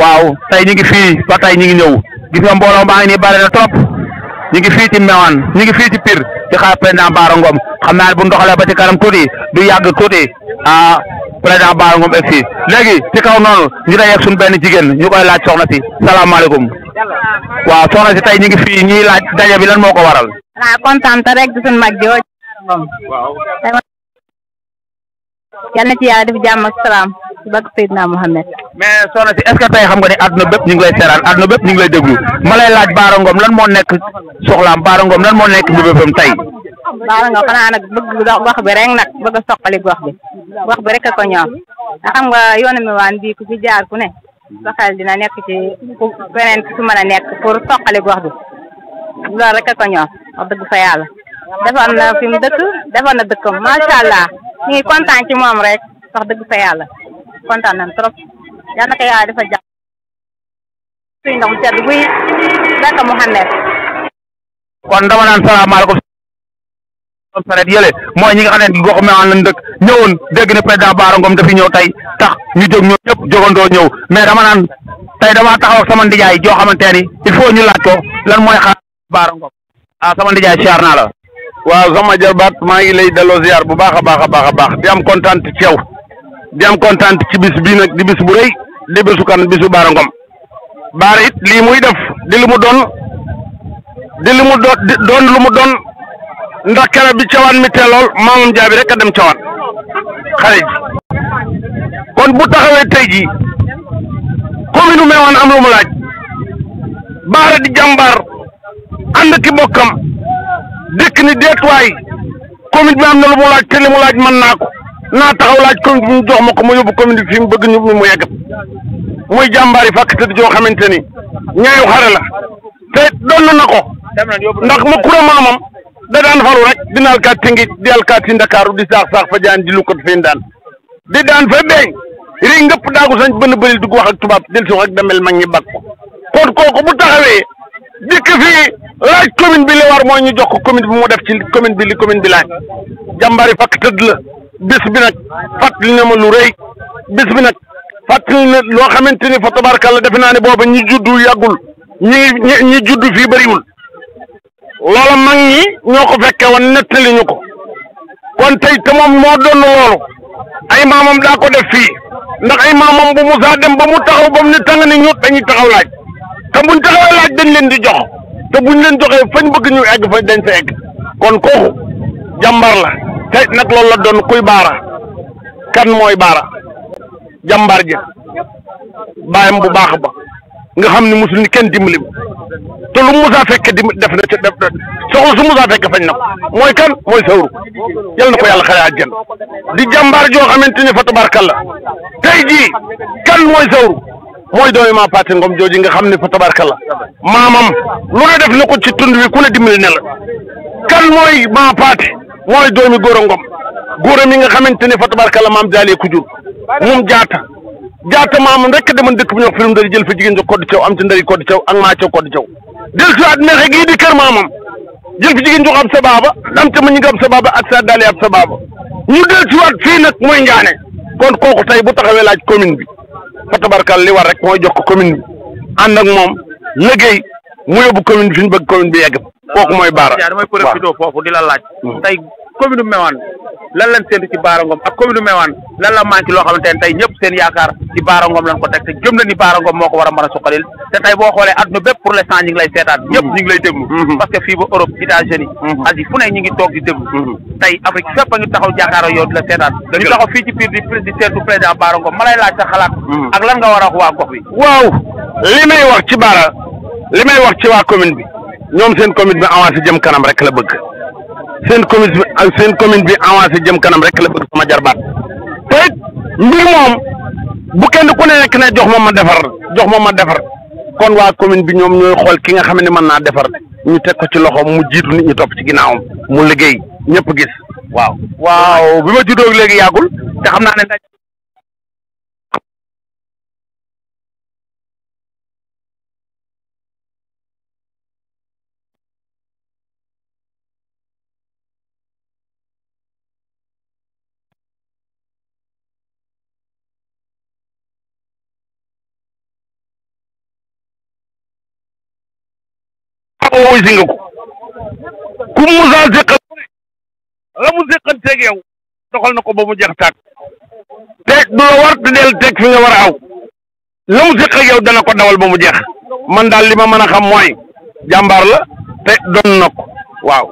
waaw tey ñu ngi fii ba tey ñu ngi ñëw gis nga mbooloo maa ngi nii bare na trop ñu ngi fii ci Mewane ñu ngi fii ci Pire di xaar président Bara Ngom xam naa ne bu ndoxalee ba ci kanam tuuti du yàgg tuuti ah président Bara Ngom egg si léegi ci kaw noonu ñu day yegg benn jigéen ñu koy laaj soxna si salaamaaleykum waaw soxna si tey ñu ngi fii laaj daje bi lan moo ko waral. waaw kontaan rek di suñu mag jooju. yàlla na ci yàlla def jàmm ak salaam ci barke Seydina Mohamed. mais soxna si est-ce que tey xam nga ne àdduna bépp ñu ngi lay seeraan àdduna bépp ñu ngi lay déglu ma laaj Bara lan moo nekk soxlaam Bara lan moo nekk mbébétam tey. Bara Ngom xanaa nag bëgg gox bi rek nag bëgg a soqali bi gox bi rek ko xam nga yoonu mi waan ku jaar ku ne dina ci pour bi rek ko wax fa defar na fi mu dëkk defar na dëkkam macha allah ñu ngi kontaan ci moom rek wax dëgg fa yàlla kontaan nañ trop yal na ko yàlla dafa jàpp suy ndox mu sedd buy barka Muhammad kon dama naan salaamaaleykum saret yële mooy ñi nga xam ne gox mean lañ dëkk ñëwoon dégg ne président Bara Ngom dafi ñëw tey tax ñu jóg ñoom ñëpp jógandoo ñëw mais dama naan tey dama taxaw ak sama ndijaay joo xamante ni i faut ñu laaj ko lan mooy xaar Bara Ngom ah sama ndijaay siyaar naa la wa sama jarbaat ma ngi lay delo ziar bu baakha baakha baakha baax di am kontaan ci yow di am ci bis bi nak di bis bu reuy di bisu kan bisu barangom Ngom Bara it lii muy def di limu don di limu don lu mu doon mi teelool maamam jabi rek dem xale kon bu taxawee tey jii am lu mu laaj Bara di jambar and ki bokam. dëkk ni deetuwaay commune bi am na lu mu laaj te li mu laaj mën naa ko naa taxaw laaj commune bi mu jox ma ko ma yóbbu commune bi fi mu bëgg ñu mu yeggat muy jàmbaari fàkk tëdd joo xamante ni ñaayu xare la te doon na ko ndax ma kura maamam da daan faru rek dina alkaati ngi di alkaati ndakaaru di saax saax fa jaan di lukkat fen daan di daan fa beeñ rii ngëpp daagu sañ bënn bëri dugg wax ak tubaab del si wax ak damel mag ñi bak ko kon kooku bu taxawee dikk fii laaj commune bi li war mooy ñu jox ko commune bi mu def ci commune bi li commune bi laaj jàmbari fakk tëdd la bis bi nag fàttali na ma lu rëy bis bi nag fàttali na loo xamante ni fa tabarkalla defe naa ne booba ñi juddu yàggul ñi ñu juddu fii bëriwul loola mag ñi ñoo ko fekke woon nettali ñu ko kon tey te moom moo doon loolu ay maamam daa ko def fii ndax ay maamam bu musaa dem ba mu taxaw ba mu ne tàng ni ñuut dañuy taxaw laaj te buñ taxawee laaj dañ leen di jox te buñ leen joxee fañ bëgg ñu egg fa dañ sa egg kon kooku jàmbar la te nag loolu la doon koy baara kan mooy baara jàmbaar ja bàyyam bu baax ba nga xam ni mosul ni kenn dimbali te lu musaa fekk di def na def na soxla su musaa fekk fañ na mooy kan mooy sawru yal na ko yàlla xale àjjana di jàmbaar joo xamante ne fa tabarkalla tey jii kan mooy sawru mooy doomi maa paate ngom jooju nga xam ne fa tabarkalla maamam lu ne def na ko ci tund wi ku ne dimbali ne la kan mooy maa paate mooy doomi góor a ngom mi nga xamante ne fa la maam jaalee ku jur moom jaata jaata maamam rek demoon dëkk bu ñuy film dari jël fa jigéen jo koddi caw am ci ndari koddi caw ak maa caw koddi caw del si at meexe ma ñi nga ab sa baaba ak sa daali ab sa baaba ñu del si waat fii nag mooy njaane kon kooku tey bu taxawee laaj commune bi fa tabarkal li war rek mooy jox ko commune bi ànd moom liggéey mu yóbbu commune bi fi ñu bëgg commune bi yegg kooku mooy baara. waaw damay di la laaj. Hmm. tey commune lan lañ séntu ci Bara Ngom ak commune Mewane lan la manqué loo xamante ne tey ñëpp seen yaakaar ci Bara Ngom lañ ko teg te gëm na ni Bara Ngom moo ko war a mën a suqalil te tey boo xoolee adduna bépp pour l'instant ñi ngi lay seetaat ñëpp ñi ngi lay déglu mhm. parce que fii ba Europe États-Unis mhm. Asie fu ne ñi ngi toog di déglu mhm. tey Afrique fépp a ngi taxaw jàkkaaroo yow di la seetaat ñu taxaw fii ci biir di di seetu président Bara Ngom ma lay laaj ak lan nga waa gox bi waaw li seen commune bi avancé jëm kanam rek la bëgg seen commune bi ak seen commune bi avancé jëm kanam rek la bëgg sama jarbaat te it mbir moom bu kenn ku ne nekk ne jox ma ma defar jox ma ma defar kon waa commune bi ñoom ñooy xool ki nga xam ne mën naa defar ñu teg ko ci loxoom mu jiitu nit ñu topp ci ginnaawam mu liggéey ñëpp gis waaw. waaw bi ma juddoo léegi yàggul te xam naa ne. woysi nga ko ku Moussa séqal la mu séqal teeg yow doxal na ko ba mu jeex tàkk teeg du la war te del teeg fi nga war aw la mu séqal dana ko dawal ba mu jeex man daal li ma mën a xam mooy jàmbaar la te doon na ko waaw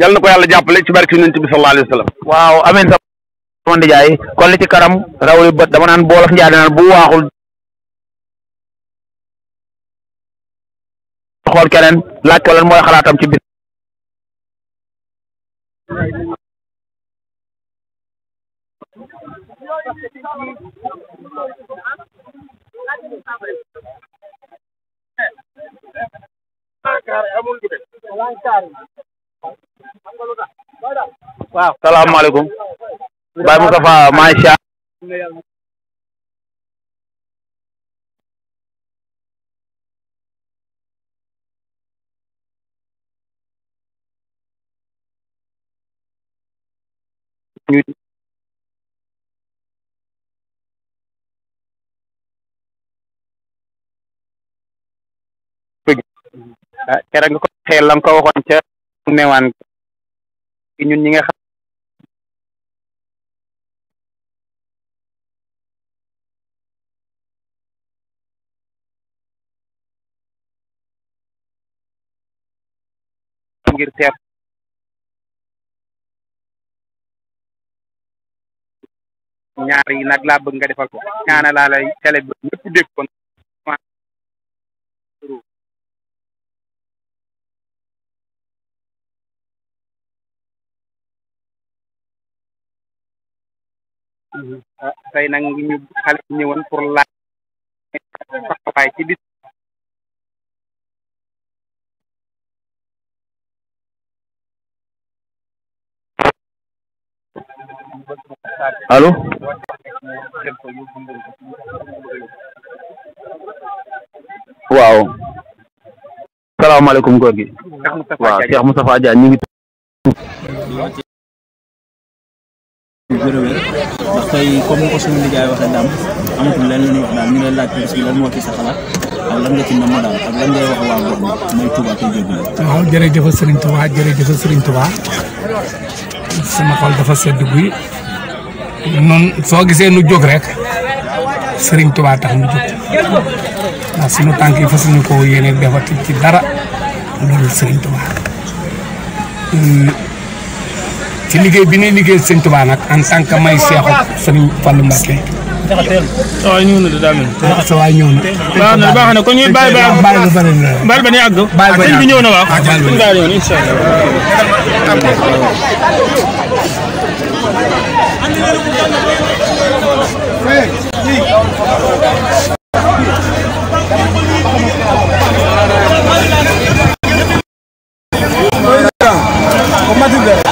yal na ko yàlla jàppale ci barke yonent bi sallallahu alayhi wa sallam waaw amiin sama ndijaay kon li ci karam raw li dama naan boolof njaay naan bu waaxul xool keneen mooy xalaatam ci bis waaw salaamaaleykum Baye Moustapha minuten keroog nga ko xeel nga ko waxoon ca newaan ñun ñi nga xam ngir teer ñaar yi nag laa bëgg nga defal ko ñaana laa lay télé bi ñëpp dégg mm-hmm. ah, tey nag ñu xale ñëwoon pour laaj ci bis allo waaw salaamaaleykum góor gi waaw Cheikh Moustapha Diagne ñu ngi wërëwër sama xol dafa sedd guy noonu soo gisee nu jóg rek sëriñ tubaa tax nu jóg ndax sunu tànk yi fas ñu ko yéene defati ci dara loolu Serigne Touba ci liggéey bi ne liggéey Serigne Touba nag en tant que may seexu Serigne Fallou Mbacké waaw ñëw na de daa baax na baax na na bàyyi ba ne ah, bi ñëw na waaw. Ah,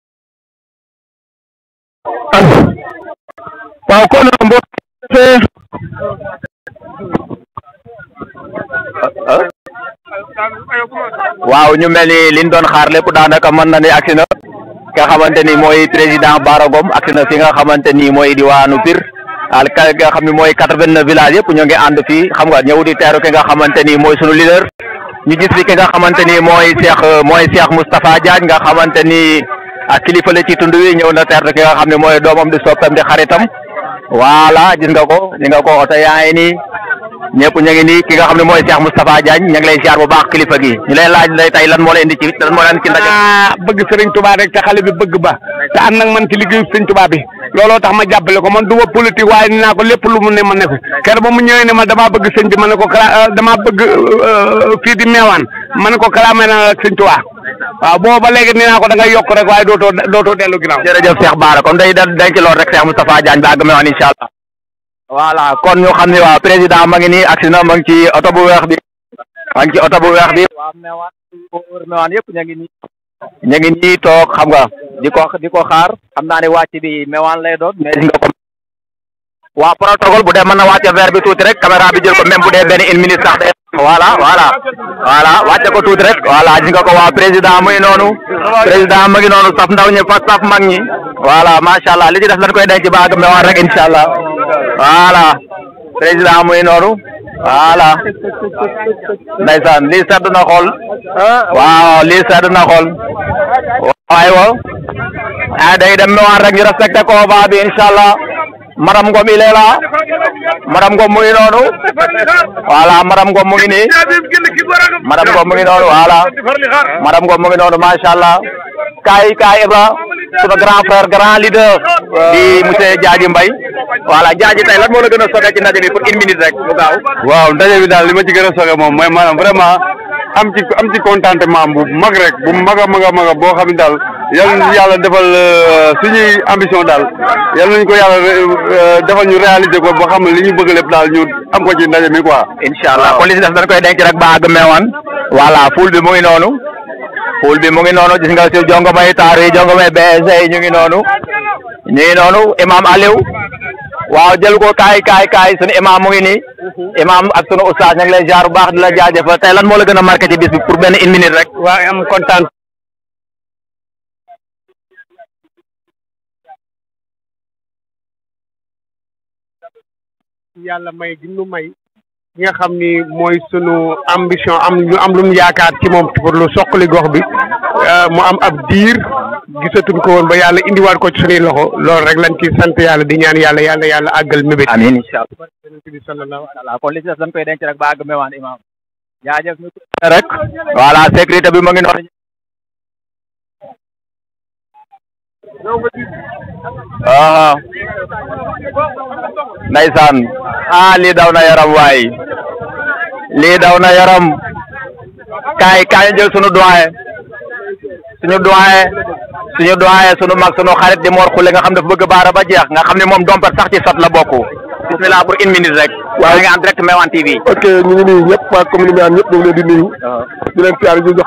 bàyyi ba waaw kon mbokk waaw ñu mel ni liñ doon xaar lépp daanaka mën na ni agsi na nga xamante ni mooy président Bara Ngom na fi nga xamante ni mooy diwaanu Pire al ka nga xam ne mooy quatre-vingt-neuf villages yëpp ñu ngi ànd fii xam nga ñëw di teeru ki nga xamante ni mooy sunu leader ñu gis fi ki nga xamante ni mooy Cheikh mooy Cheikh Moustapha Diagne nga xamante ni ak kilifa la ci tund wi ñëw na teertu ki nga xam ne mooy doomam di soppeem di xaritam voilà gis nga ko gis nga ko oto yaa ngi nii ñëpp ñu ngi nii ki nga xam ne mooy Cheikh Moustapha Diagne ñu ngi lay ziar bu baax kilifa gi ñu lay laaj lay tey lan moo la indi ci lan moo la indi ci ndaje. bëgg Serigne Touba rek te xale bi bëgg ba te am nag man ci liggéeyu Serigne Touba bi. looloo tax ma jàppale ko man du ma politique waaye ni naa ko lépp lu mu ne ma ne ko keroog ba mu ñëwee ne ma damaa bëgg sëñ bi ma ne ko kala euh, damaa bëgg euh, fii di meewaan ma ne ko kalaame naa ak sëñ Tuubaa waaw booba ba léegi nee naa ko dangay ngay yokk rek waaye dootoo dootoo dellu ginnaaw. jërëjëf Cheikh Bara kon day dañ ci lool rek Cheikh Moustapha Diagne ba àgg meewaan incha allah. voilà kon ñu xam ne waaw président ma ngi nii agsi na ma ngi ci oto bu weex bi ma ngi ci oto bu weex bi. waaw meewaan meewaan yëpp ñu ngi nii. ñu ngi nii toog xam di ko di ko xaar xam naa ne wàcc bi mewaan lay doon mais nga ko waa protocole bu de mën na wàcc verre bi tuuti rek caméra bi jël ko même bu dee benn une minute sax de voilà voilà voilà wàcc ko tuuti rek voilà gis nga ko waa président muy noonu président mu ngi noonu saf ndaw ñi fa saf mag ñi voilà macha allah li ci def lan koy denc baag mewaan rek incha allah voilà président muy noonu voilà ndeysaan lii sedd na xol waaw lii sedd na xol waaye wo a ah, dem mi waan rek ñu respecté combat bi inshallah madam ngom i leela madam ngom mu ngi madam ngom mu madam ngom mu ngi madam ngom mu ngi noonu masha allah kaay grand frère grand leader di monsieur Diadji Mbaye voilà jaaji tey la moo la gën a soxee ci ndaje bi pour une minute rek mu gaaw. waaw ndaje bi daal li ma ci gën a soxee moom mooy maanaam vraiment am ci am ci contentement bu mag rek bu mag a mag a mag boo xam ne daal yal na yàlla defal euh, suñuy ambition daal yal nañu ko yàlla euh, defal ñu réaliser ko boo xam ne li ñu bëgg lépp daal ñu am ko ci ndaje mi quoi. incha allah kon li si des denc rek ba àgg meewaan. voilà ful bi mu ngi noonu. ful bi mu ngi noonu gis nga si jongomay taar yi jongomay bees yi waaw jël ko kaay kaay kaay sunu imam mu ngi nii mhm. imam ak sunu oustaz ñu lay jaar bu baax di la jaajëfal tey lan moo la gën a marqué ci bis bi pour benn une minute rek waaw am kontaan yàlla may ginnu may li nga xam ni mooy sunu ambition am ñu am lu mu yaakaar ci moom pour lu soqali gox bi euh, mu am ab diir gisatuñ ko won ba yalla indi wat ko ci suñuy loxo loolu rek lañ ci sante yalla di ñaan yalla yalla yalla agal mébét. amin inshallah allah. voilà kon li ci des dañ koy denc rek ba àgg mewaan imaam. jaajëf ñu rek. voilà sécurité bi mu ngi noonu. ah. ndeysaan. ah lii daw na yaram way li daw na yaram. kay kay jël suñu doyen. suñu doyen. suñu doyen suñu mag suñu xarit di Mor Khoule nga xam dafa bëgg baara ba jeex nga xam ne moom dompat sax ci sot la bokk bismillah pour une minute rek waaw nga en direct Meouane TV ok ñu ngi nuyu ñëpp waa commune Meouane ñëpp ñu ngi leen di nuyu ah. di leen siyaar